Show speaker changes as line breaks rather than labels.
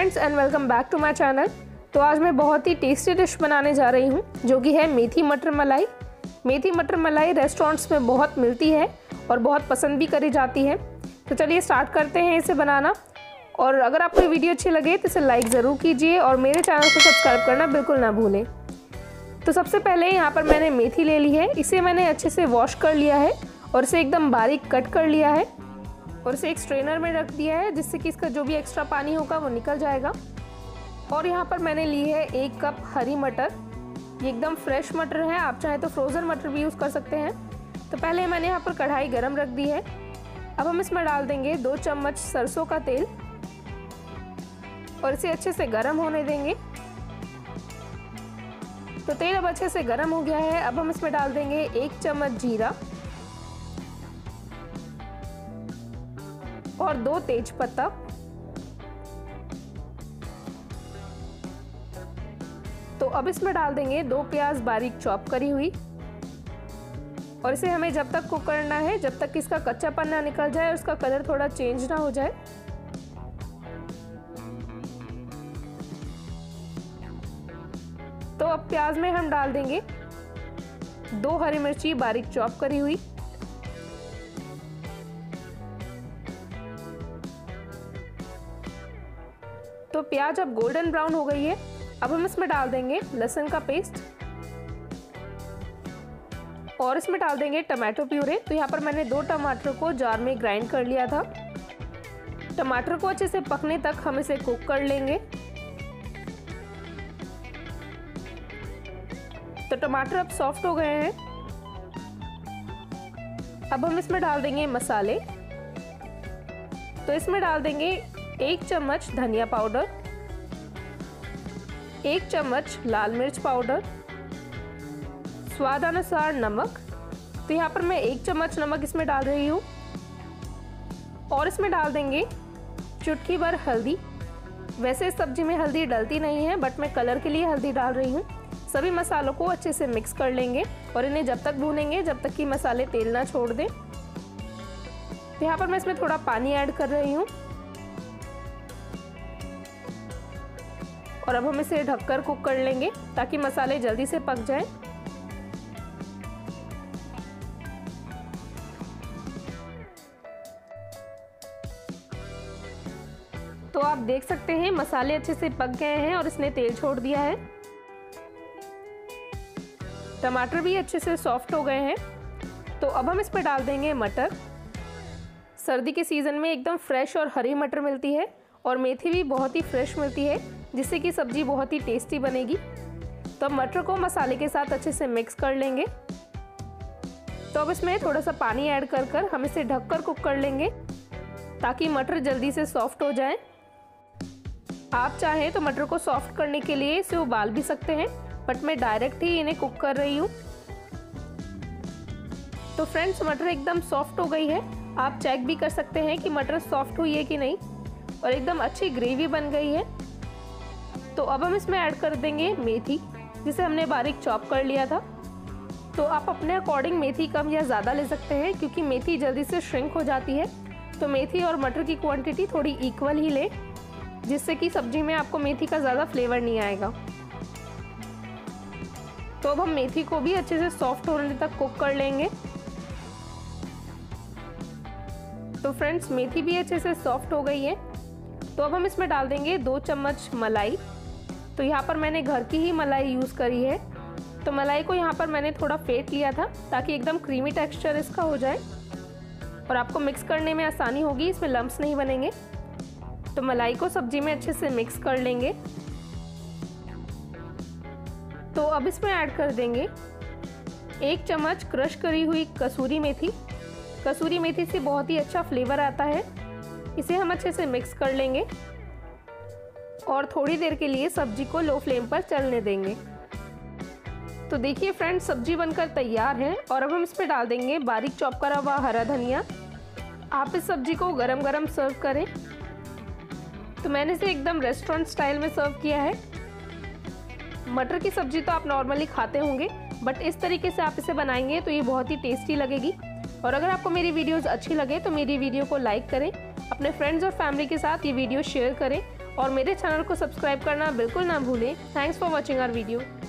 Friends and welcome back to my channel तो आज मैं बहुत ही टेस्टी डिश बनाने जा रही हूँ जो कि है मेथी मटर मलाई मेथी मटर मलाई रेस्टोरेंट्स में बहुत मिलती है और बहुत पसंद भी करी जाती है तो चलिए स्टार्ट करते हैं इसे बनाना और अगर आपको वीडियो अच्छी लगे तो इसे लाइक ज़रूर कीजिए और मेरे चैनल को सब्सक्राइब करना बिल्कुल ना भूलें तो सबसे पहले यहाँ पर मैंने मेथी ले ली है इसे मैंने अच्छे से वॉश कर लिया है और इसे एकदम बारीक कट कर लिया है और इसे एक स्ट्रेनर में रख दिया है जिससे कि इसका जो भी एक्स्ट्रा पानी होगा वो निकल जाएगा और यहाँ पर मैंने ली है एक कप हरी मटर ये एकदम फ्रेश मटर है आप चाहें तो फ्रोज़न मटर भी यूज़ कर सकते हैं तो पहले मैंने यहाँ पर कढ़ाई गर्म रख दी है अब हम इसमें डाल देंगे दो चम्मच सरसों का तेल और इसे अच्छे से गर्म होने देंगे तो तेल अब अच्छे से गर्म हो गया है अब हम इसमें डाल देंगे एक चम्मच जीरा और दो तेज पत्ता तो अब इसमें डाल देंगे दो प्याज बारीक चॉप करी हुई और इसे हमें जब तक कुक करना है जब तक इसका कच्चा पन्ना निकल जाए और उसका कलर थोड़ा चेंज ना हो जाए तो अब प्याज में हम डाल देंगे दो हरी मिर्ची बारीक चॉप करी हुई तो प्याज अब गोल्डन ब्राउन हो गई है अब हम इसमें डाल देंगे लहसुन का पेस्ट और इसमें डाल देंगे टमाटो प्यूरे तो यहाँ पर मैंने दो टमाटर को जार में ग्राइंड कर लिया था टमाटर को अच्छे से पकने तक हम इसे कुक कर लेंगे तो टमाटर अब सॉफ्ट हो गए हैं अब हम इसमें डाल देंगे मसाले तो इसमें डाल देंगे एक चम्मच धनिया पाउडर एक चम्मच लाल मिर्च पाउडर स्वाद अनुसार नमक तो यहाँ पर मैं एक चम्मच नमक इसमें डाल रही हूँ और इसमें डाल देंगे चुटकी भर हल्दी वैसे इस सब्जी में हल्दी डलती नहीं है बट मैं कलर के लिए हल्दी डाल रही हूँ सभी मसालों को अच्छे से मिक्स कर लेंगे और इन्हें जब तक भूनेंगे जब तक कि मसाले तेल ना छोड़ दें तो यहाँ पर मैं इसमें थोड़ा पानी ऐड कर रही हूँ और अब हम इसे ढककर कुक कर लेंगे ताकि मसाले जल्दी से पक जाएं। तो आप देख सकते हैं मसाले अच्छे से पक गए हैं और इसने तेल छोड़ दिया है टमाटर भी अच्छे से सॉफ्ट हो गए हैं तो अब हम इस पर डाल देंगे मटर सर्दी के सीज़न में एकदम फ्रेश और हरी मटर मिलती है और मेथी भी बहुत ही फ्रेश मिलती है जिससे कि सब्ज़ी बहुत ही टेस्टी बनेगी तो अब मटर को मसाले के साथ अच्छे से मिक्स कर लेंगे तो अब इसमें थोड़ा सा पानी ऐड कर कर हम इसे ढककर कुक कर लेंगे ताकि मटर जल्दी से सॉफ्ट हो जाए आप चाहें तो मटर को सॉफ्ट करने के लिए इसे उबाल भी सकते हैं बट मैं डायरेक्ट ही इन्हें कुक कर रही हूँ तो फ्रेंड्स मटर एकदम सॉफ्ट हो गई है आप चेक भी कर सकते हैं कि मटर सॉफ्ट हुई है कि नहीं और एकदम अच्छी ग्रेवी बन गई है तो अब हम इसमें ऐड कर देंगे मेथी जिसे हमने बारीक चॉप कर लिया था तो आप अपने अकॉर्डिंग मेथी कम या ज़्यादा ले सकते हैं क्योंकि मेथी जल्दी से श्रिंक हो जाती है तो मेथी और मटर की क्वांटिटी थोड़ी इक्वल ही लें जिससे कि सब्जी में आपको मेथी का ज़्यादा फ्लेवर नहीं आएगा तो अब हम मेथी को भी अच्छे से सॉफ्ट होने तक कुक कर लेंगे तो फ्रेंड्स मेथी भी अच्छे से सॉफ्ट हो गई है तो अब हम इसमें डाल देंगे दो चम्मच मलाई तो यहाँ पर मैंने घर की ही मलाई यूज़ करी है तो मलाई को यहाँ पर मैंने थोड़ा फेंट लिया था ताकि एकदम क्रीमी टेक्सचर इसका हो जाए और आपको मिक्स करने में आसानी होगी इसमें लम्ब्स नहीं बनेंगे तो मलाई को सब्जी में अच्छे से मिक्स कर लेंगे तो अब इसमें ऐड कर देंगे एक चम्मच क्रश करी हुई कसूरी मेथी कसूरी मेथी से बहुत ही अच्छा फ्लेवर आता है इसे हम अच्छे से मिक्स कर लेंगे और थोड़ी देर के लिए सब्जी को लो फ्लेम पर चलने देंगे तो देखिए फ्रेंड्स सब्जी बनकर तैयार है और अब हम इस पर डाल देंगे बारीक चॉप करा हुआ हरा धनिया आप इस सब्जी को गरम गरम सर्व करें तो मैंने इसे एकदम रेस्टोरेंट स्टाइल में सर्व किया है मटर की सब्जी तो आप नॉर्मली खाते होंगे बट इस तरीके से आप इसे बनाएंगे तो ये बहुत ही टेस्टी लगेगी और अगर आपको मेरी वीडियोस अच्छी लगे तो मेरी वीडियो को लाइक करें अपने फ्रेंड्स और फैमिली के साथ ये वीडियो शेयर करें और मेरे चैनल को सब्सक्राइब करना बिल्कुल ना भूलें thanks for watching our video